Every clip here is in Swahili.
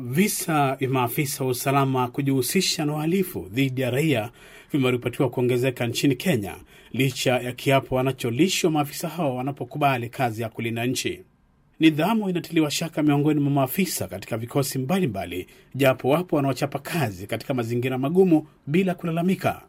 Visa vya maafisa wa usalama kujihusisha na uhalifu dhidi ya raia vimeripotiwa kuongezeka nchini Kenya licha ya kiapo wanacholishwa maafisa hao wanapokubali kazi ya kulinda nchi. Nidhamu inatiliwa shaka miongoni mwa maafisa katika vikosi mbalimbali, japo wapo wanaochapa kazi katika mazingira magumu bila kulalamika.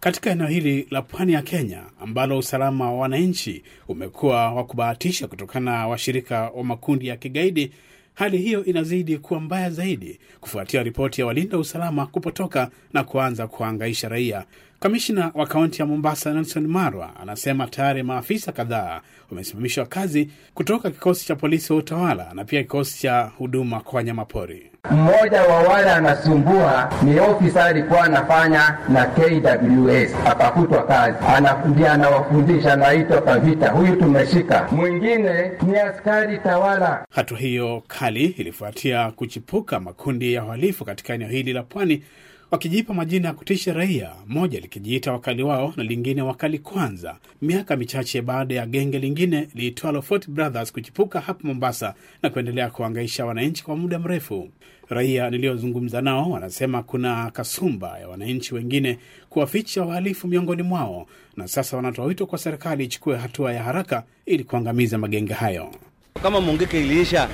Katika eneo hili la pwani ya Kenya ambalo usalama wa wananchi umekuwa wa kubahatisha kutokana na washirika wa makundi ya kigaidi Hali hiyo inazidi kuwa mbaya zaidi kufuatia ripoti ya walinda usalama kupotoka na kuanza kuhangaisha raia. Kamishna wa kaunti ya Mombasa Nelson Marwa anasema tayari maafisa kadhaa wamesimamishwa kazi kutoka kikosi cha polisi wa utawala na pia kikosi cha huduma kwa wanyamapori. Mmoja wa wale anasumbua ni ofisa alikuwa anafanya na KWS, akafutwa kazi, ndiye anawafundisha, anaitwa Kavita. huyu tumeshika. Mwingine ni askari tawala. Hatua hiyo kali ilifuatia kuchipuka makundi ya uhalifu katika eneo hili la pwani wakijipa majina ya kutisha raia, moja likijiita wakali wao na lingine wakali kwanza, miaka michache baada ya genge lingine liitwalo Fort Brothers kuchipuka hapa Mombasa na kuendelea kuhangaisha wananchi kwa muda mrefu. Raia niliyozungumza nao wanasema kuna kasumba ya wananchi wengine kuwaficha wahalifu miongoni mwao, na sasa wanatoa wito kwa serikali ichukue hatua ya haraka ili kuangamiza magenge hayo. Kama Mungiki iliisha,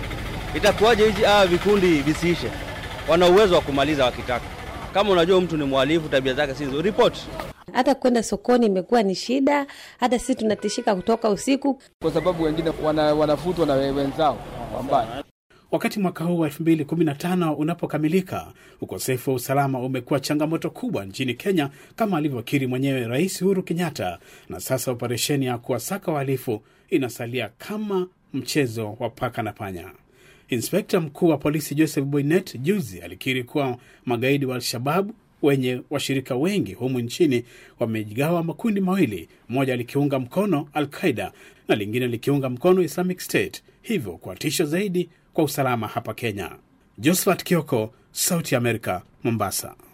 itakuwaje hizi aa ah, vikundi visiishe? Wana uwezo wa kumaliza wakitaka. Kama unajua mtu ni mwalifu tabia zake si nzuri, ripoti. Hata kwenda sokoni imekuwa ni shida, hata sisi tunatishika kutoka usiku, kwa sababu wengine wana, wanafutwa na wenzao wambaya. Wakati mwaka huu wa 2015 unapokamilika, ukosefu wa usalama umekuwa changamoto kubwa nchini Kenya, kama alivyokiri mwenyewe Rais Uhuru Kenyatta, na sasa operesheni ya kuwasaka wahalifu inasalia kama mchezo wa paka na panya. Inspekta mkuu wa polisi Joseph Boynet juzi alikiri kuwa magaidi wa Al-Shababu wenye washirika wengi humu nchini wamejigawa makundi mawili, moja likiunga mkono Al-Qaida na lingine likiunga mkono Islamic State, hivyo kwa tisho zaidi kwa usalama hapa Kenya. Josephat Kioko, Sauti america Mombasa.